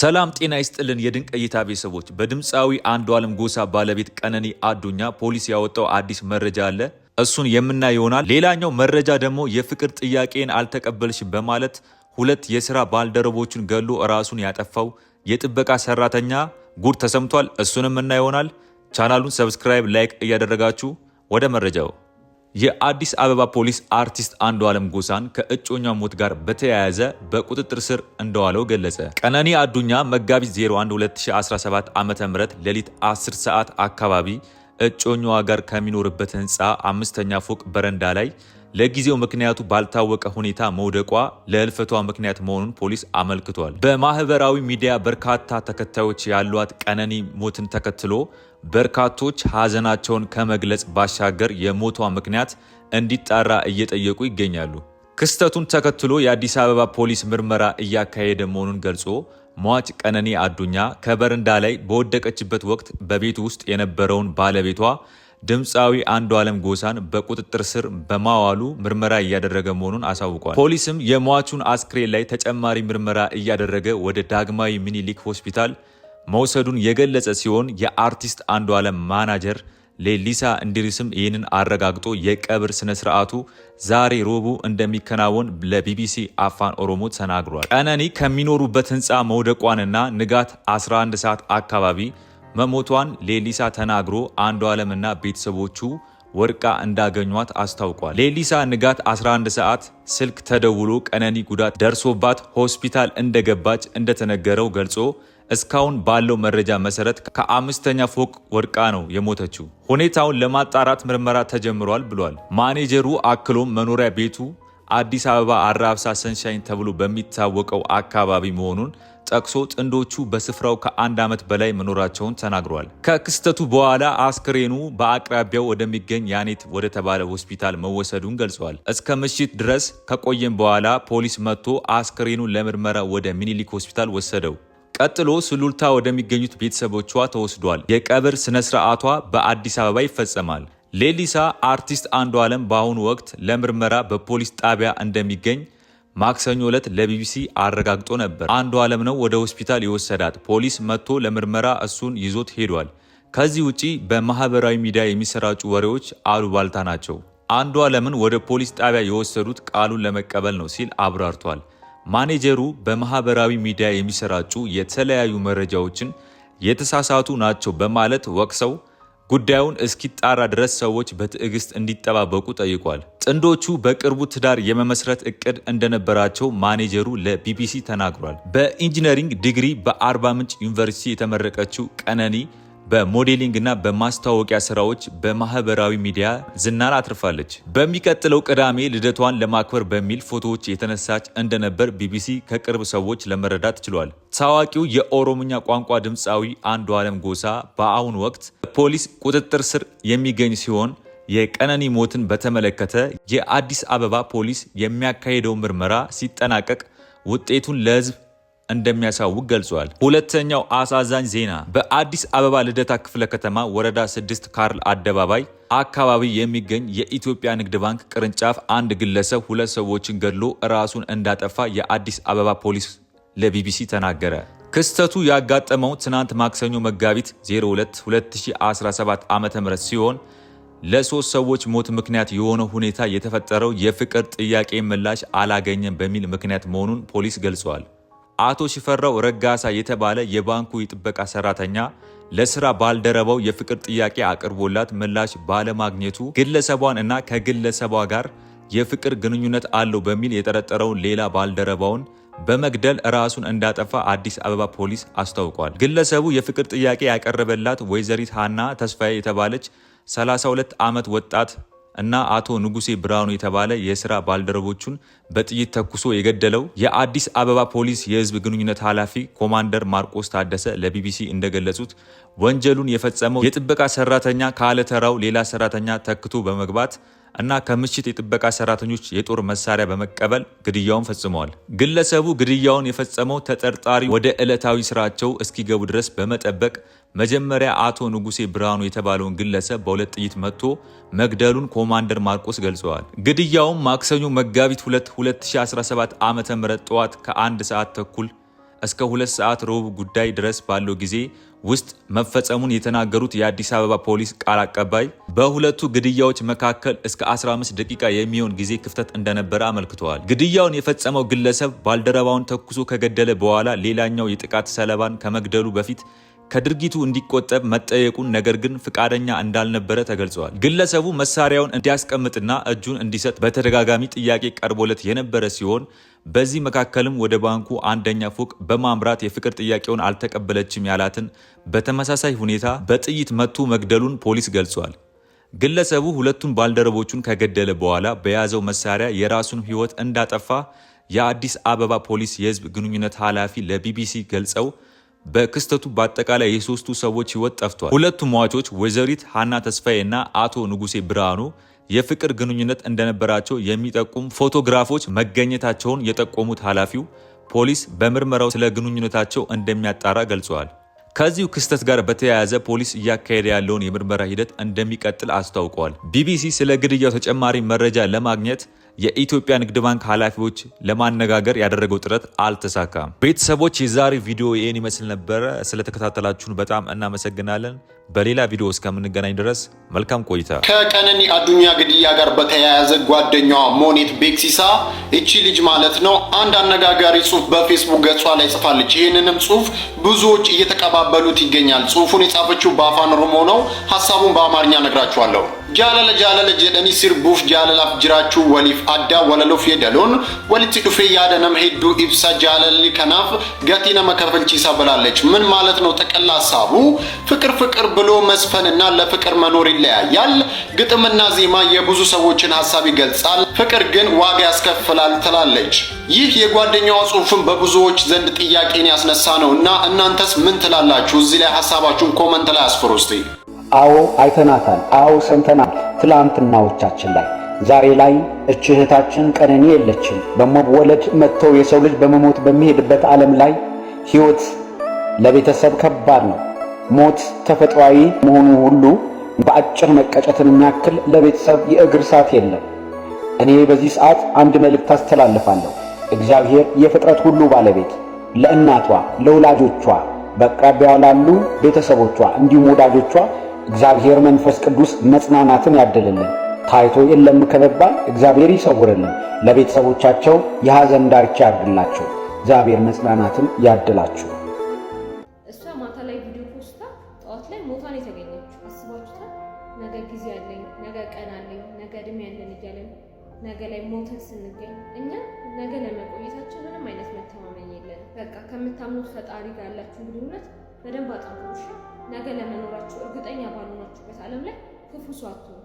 ሰላም ጤና ይስጥልን የድንቅ እይታ ቤተሰቦች። በድምፃዊ ዓለም ጎሳ ባለቤት ቀነኒ አዱኛ ፖሊስ ያወጣው አዲስ መረጃ አለ። እሱን የምናይ ይሆናል። ሌላኛው መረጃ ደግሞ የፍቅር ጥያቄን አልተቀበልሽም በማለት ሁለት የስራ ባልደረቦቹን ገሎ ራሱን ያጠፋው የጥበቃ ሰራተኛ ጉድ ተሰምቷል። እሱንም እና ይሆናል። ቻናሉን ሰብስክራይብ፣ ላይክ እያደረጋችሁ ወደ መረጃው የአዲስ አበባ ፖሊስ አርቲስት አንዱ ዓለም ጎሳን ከእጮኛ ሞት ጋር በተያያዘ በቁጥጥር ስር እንደዋለው ገለጸ። ቀነኒ አዱኛ መጋቢት 01 2017 ዓ ም ሌሊት 10 ሰዓት አካባቢ እጮኛዋ ጋር ከሚኖርበት ህንፃ አምስተኛ ፎቅ በረንዳ ላይ ለጊዜው ምክንያቱ ባልታወቀ ሁኔታ መውደቋ ለህልፈቷ ምክንያት መሆኑን ፖሊስ አመልክቷል። በማህበራዊ ሚዲያ በርካታ ተከታዮች ያሏት ቀነኒ ሞትን ተከትሎ በርካቶች ሐዘናቸውን ከመግለጽ ባሻገር የሞቷ ምክንያት እንዲጣራ እየጠየቁ ይገኛሉ። ክስተቱን ተከትሎ የአዲስ አበባ ፖሊስ ምርመራ እያካሄደ መሆኑን ገልጾ ሟች ቀነኔ አዱኛ ከበረንዳ ላይ በወደቀችበት ወቅት በቤት ውስጥ የነበረውን ባለቤቷ ድምፃዊ አንዱ ዓለም ጎሳን በቁጥጥር ስር በማዋሉ ምርመራ እያደረገ መሆኑን አሳውቋል። ፖሊስም የሟቹን አስክሬን ላይ ተጨማሪ ምርመራ እያደረገ ወደ ዳግማዊ ምኒልክ ሆስፒታል መውሰዱን የገለጸ ሲሆን የአርቲስት ዓለም ማናጀር ሌሊሳ እንድሪስም ይህንን አረጋግጦ የቀብር ስነ ስርዓቱ ዛሬ ረቡዕ እንደሚከናወን ለቢቢሲ አፋን ኦሮሞ ተናግሯል። ቀነኒ ከሚኖሩበት ህንፃ መውደቋንና ንጋት 11 ሰዓት አካባቢ መሞቷን ሌሊሳ ተናግሮ አንዱዓለምና ቤተሰቦቹ ወርቃ እንዳገኟት አስታውቋል። ሌሊሳ ንጋት 11 ሰዓት ስልክ ተደውሎ ቀነኒ ጉዳት ደርሶባት ሆስፒታል እንደገባች እንደተነገረው ገልጾ እስካሁን ባለው መረጃ መሰረት ከአምስተኛ ፎቅ ወድቃ ነው የሞተችው። ሁኔታውን ለማጣራት ምርመራ ተጀምሯል ብሏል ማኔጀሩ። አክሎም መኖሪያ ቤቱ አዲስ አበባ አራብሳ ሰንሻይን ተብሎ በሚታወቀው አካባቢ መሆኑን ጠቅሶ ጥንዶቹ በስፍራው ከአንድ ዓመት በላይ መኖራቸውን ተናግሯል። ከክስተቱ በኋላ አስክሬኑ በአቅራቢያው ወደሚገኝ ያኔት ወደተባለ ሆስፒታል መወሰዱን ገልጿል። እስከ ምሽት ድረስ ከቆየም በኋላ ፖሊስ መጥቶ አስክሬኑን ለምርመራ ወደ ሚኒሊክ ሆስፒታል ወሰደው። ቀጥሎ ሱሉልታ ወደሚገኙት ቤተሰቦቿ ተወስዷል። የቀብር ስነ ስርዓቷ በአዲስ አበባ ይፈጸማል። ሌሊሳ አርቲስት አንዱ ዓለም በአሁኑ ወቅት ለምርመራ በፖሊስ ጣቢያ እንደሚገኝ ማክሰኞ ዕለት ለቢቢሲ አረጋግጦ ነበር። አንዱ ዓለም ነው ወደ ሆስፒታል የወሰዳት። ፖሊስ መጥቶ ለምርመራ እሱን ይዞት ሄዷል። ከዚህ ውጪ በማህበራዊ ሚዲያ የሚሰራጩ ወሬዎች አሉባልታ ናቸው። አንዱ ዓለምን ወደ ፖሊስ ጣቢያ የወሰዱት ቃሉን ለመቀበል ነው ሲል አብራርቷል። ማኔጀሩ በማህበራዊ ሚዲያ የሚሰራጩ የተለያዩ መረጃዎችን የተሳሳቱ ናቸው በማለት ወቅሰው ጉዳዩን እስኪጣራ ድረስ ሰዎች በትዕግስት እንዲጠባበቁ ጠይቋል። ጥንዶቹ በቅርቡ ትዳር የመመስረት እቅድ እንደነበራቸው ማኔጀሩ ለቢቢሲ ተናግሯል። በኢንጂነሪንግ ዲግሪ በአርባ ምንጭ ዩኒቨርሲቲ የተመረቀችው ቀነኒ በሞዴሊንግና በማስታወቂያ ስራዎች በማህበራዊ ሚዲያ ዝናን አትርፋለች። በሚቀጥለው ቅዳሜ ልደቷን ለማክበር በሚል ፎቶዎች የተነሳች እንደነበር ቢቢሲ ከቅርብ ሰዎች ለመረዳት ችሏል። ታዋቂው የኦሮምኛ ቋንቋ ድምፃዊ አንዱ ዓለም ጎሳ በአሁኑ ወቅት ፖሊስ ቁጥጥር ስር የሚገኝ ሲሆን የቀነኒ ሞትን በተመለከተ የአዲስ አበባ ፖሊስ የሚያካሄደው ምርመራ ሲጠናቀቅ ውጤቱን ለህዝብ እንደሚያሳውቅ ገልጿል። ሁለተኛው አሳዛኝ ዜና በአዲስ አበባ ልደታ ክፍለ ከተማ ወረዳ ስድስት ካርል አደባባይ አካባቢ የሚገኝ የኢትዮጵያ ንግድ ባንክ ቅርንጫፍ አንድ ግለሰብ ሁለት ሰዎችን ገድሎ ራሱን እንዳጠፋ የአዲስ አበባ ፖሊስ ለቢቢሲ ተናገረ። ክስተቱ ያጋጠመው ትናንት ማክሰኞ መጋቢት 02 2017 ዓ ም ሲሆን ለሶስት ሰዎች ሞት ምክንያት የሆነው ሁኔታ የተፈጠረው የፍቅር ጥያቄ ምላሽ አላገኘም በሚል ምክንያት መሆኑን ፖሊስ ገልጿል። አቶ ሽፈራው ረጋሳ የተባለ የባንኩ የጥበቃ ሰራተኛ ለስራ ባልደረባው የፍቅር ጥያቄ አቅርቦላት ምላሽ ባለማግኘቱ ግለሰቧን እና ከግለሰቧ ጋር የፍቅር ግንኙነት አለው በሚል የጠረጠረውን ሌላ ባልደረባውን በመግደል ራሱን እንዳጠፋ አዲስ አበባ ፖሊስ አስታውቋል። ግለሰቡ የፍቅር ጥያቄ ያቀረበላት ወይዘሪት ሃና ተስፋዬ የተባለች 32 ዓመት ወጣት እና አቶ ንጉሴ ብርሃኑ የተባለ የስራ ባልደረቦቹን በጥይት ተኩሶ የገደለው የአዲስ አበባ ፖሊስ የህዝብ ግንኙነት ኃላፊ ኮማንደር ማርቆስ ታደሰ ለቢቢሲ እንደገለጹት ወንጀሉን የፈጸመው የጥበቃ ሰራተኛ ካለተራው ሌላ ሰራተኛ ተክቶ በመግባት እና ከምሽት የጥበቃ ሰራተኞች የጦር መሳሪያ በመቀበል ግድያውን ፈጽመዋል። ግለሰቡ ግድያውን የፈጸመው ተጠርጣሪ ወደ ዕለታዊ ስራቸው እስኪገቡ ድረስ በመጠበቅ መጀመሪያ አቶ ንጉሴ ብርሃኑ የተባለውን ግለሰብ በሁለት ጥይት መጥቶ መግደሉን ኮማንደር ማርቆስ ገልጸዋል። ግድያውም ማክሰኞ መጋቢት 2 2017 ዓ ም ጠዋት ከአንድ ሰዓት ተኩል እስከ ሁለት ሰዓት ረቡዕ ጉዳይ ድረስ ባለው ጊዜ ውስጥ መፈጸሙን የተናገሩት የአዲስ አበባ ፖሊስ ቃል አቀባይ በሁለቱ ግድያዎች መካከል እስከ 15 ደቂቃ የሚሆን ጊዜ ክፍተት እንደነበረ አመልክተዋል። ግድያውን የፈጸመው ግለሰብ ባልደረባውን ተኩሶ ከገደለ በኋላ ሌላኛው የጥቃት ሰለባን ከመግደሉ በፊት ከድርጊቱ እንዲቆጠብ መጠየቁን ነገር ግን ፍቃደኛ እንዳልነበረ ተገልጸዋል። ግለሰቡ መሳሪያውን እንዲያስቀምጥና እጁን እንዲሰጥ በተደጋጋሚ ጥያቄ ቀርቦለት የነበረ ሲሆን በዚህ መካከልም ወደ ባንኩ አንደኛ ፎቅ በማምራት የፍቅር ጥያቄውን አልተቀበለችም ያላትን በተመሳሳይ ሁኔታ በጥይት መቱ መግደሉን ፖሊስ ገልጿል። ግለሰቡ ሁለቱን ባልደረቦቹን ከገደለ በኋላ በያዘው መሳሪያ የራሱን ሕይወት እንዳጠፋ የአዲስ አበባ ፖሊስ የህዝብ ግንኙነት ኃላፊ ለቢቢሲ ገልጸው በክስተቱ በአጠቃላይ የሶስቱ ሰዎች ህይወት ጠፍቷል። ሁለቱም ሟቾች ወይዘሪት ሀና ተስፋዬ እና አቶ ንጉሴ ብርሃኑ የፍቅር ግንኙነት እንደነበራቸው የሚጠቁም ፎቶግራፎች መገኘታቸውን የጠቆሙት ኃላፊው ፖሊስ በምርመራው ስለ ግንኙነታቸው እንደሚያጣራ ገልጸዋል። ከዚሁ ክስተት ጋር በተያያዘ ፖሊስ እያካሄደ ያለውን የምርመራ ሂደት እንደሚቀጥል አስታውቋል። ቢቢሲ ስለ ግድያው ተጨማሪ መረጃ ለማግኘት የኢትዮጵያ ንግድ ባንክ ኃላፊዎች ለማነጋገር ያደረገው ጥረት አልተሳካም። ቤተሰቦች፣ የዛሬ ቪዲዮ ይህን ይመስል ነበረ። ስለተከታተላችሁን በጣም እናመሰግናለን። በሌላ ቪዲዮ እስከምንገናኝ ድረስ መልካም ቆይታ። ከቀነኒ አዱኛ ግድያ ጋር በተያያዘ ጓደኛዋ ሞኔት ቤክሲሳ እቺ ልጅ ማለት ነው አንድ አነጋጋሪ ጽሁፍ በፌስቡክ ገጿ ላይ ጽፋለች። ይህንንም ጽሁፍ ብዙዎች እየተቀባበሉት ይገኛል። ጽሁፉን የጻፈችው በአፋን ኦሮሞ ነው። ሀሳቡን በአማርኛ ነግራችኋለሁ። ጃለለ jaalala jedhanii sirbuuf jaalalaaf jiraachuu ወሊፍ አዳ ወለሎፍ የደሎን ወሊት dhufee yaada nama hedduu ibsa jaalalli kanaaf gatii nama kaፈልቺሳ ብላለች። ምን ማለት ነው? ጠቅላ ሀሳቡ ፍቅር ፍቅር ብሎ መስፈንና ለፍቅር መኖር ይለያያል። ግጥምና ዜማ የብዙ ሰዎችን ሀሳብ ይገልጻል፣ ፍቅር ግን ዋጋ ያስከፍላል ትላለች። ይህ የጓደኛዋ ጽሁፍን በብዙዎች ዘንድ ጥያቄን ያስነሳ ነው እና እናንተስ ምን ትላላችሁ? እዚህ ላይ ሀሳባችሁን ኮመንት ላይ አስፍሩ እስቲ። አዎ አይተናታል፣ አዎ ሰምተናል። ትላንትናዎቻችን ላይ ዛሬ ላይ እች እህታችን ቀነኒ የለችም። በመወለድ መጥተው የሰው ልጅ በመሞት በሚሄድበት ዓለም ላይ ሕይወት ለቤተሰብ ከባድ ነው። ሞት ተፈጥሯዊ መሆኑ ሁሉ በአጭር መቀጨትን የሚያክል ለቤተሰብ የእግር ሰዓት የለም። እኔ በዚህ ሰዓት አንድ መልእክት አስተላልፋለሁ። እግዚአብሔር የፍጥረት ሁሉ ባለቤት ለእናቷ ለወላጆቿ፣ በአቅራቢያዋ ላሉ ቤተሰቦቿ እንዲሁም ወዳጆቿ እግዚአብሔር መንፈስ ቅዱስ መጽናናትን ያድልልን። ታይቶ የለም ከመባል እግዚአብሔር ይሰውርልን። ለቤተሰቦቻቸው የሐዘን ዳርቻ ያድላቸው። እግዚአብሔር መጽናናትን ያድላችሁ። እሷ ማታ ላይ ቪዲዮ ፖስታ ጠዋት ላይ ሞታን የተገኘችው አስባችሁታል? ነገ ጊዜ አለኝ፣ ነገ ቀን አለኝ፣ ነገ እድሜ ያለን እያለን ነገ ላይ ሞተን ስንገኝ እኛ ነገ ለመቆየታችን ምንም አይነት መተማመኝ የለንም። በቃ ከምታምኑት ፈጣሪ ጋር ያላችሁ ግንኙነት በደንብ አጥንቶሽ ነገ ለመኖራችሁ እርግጠኛ ባልሆናችሁበት ዓለም ላይ ክፉ ሰው አትሆኑ።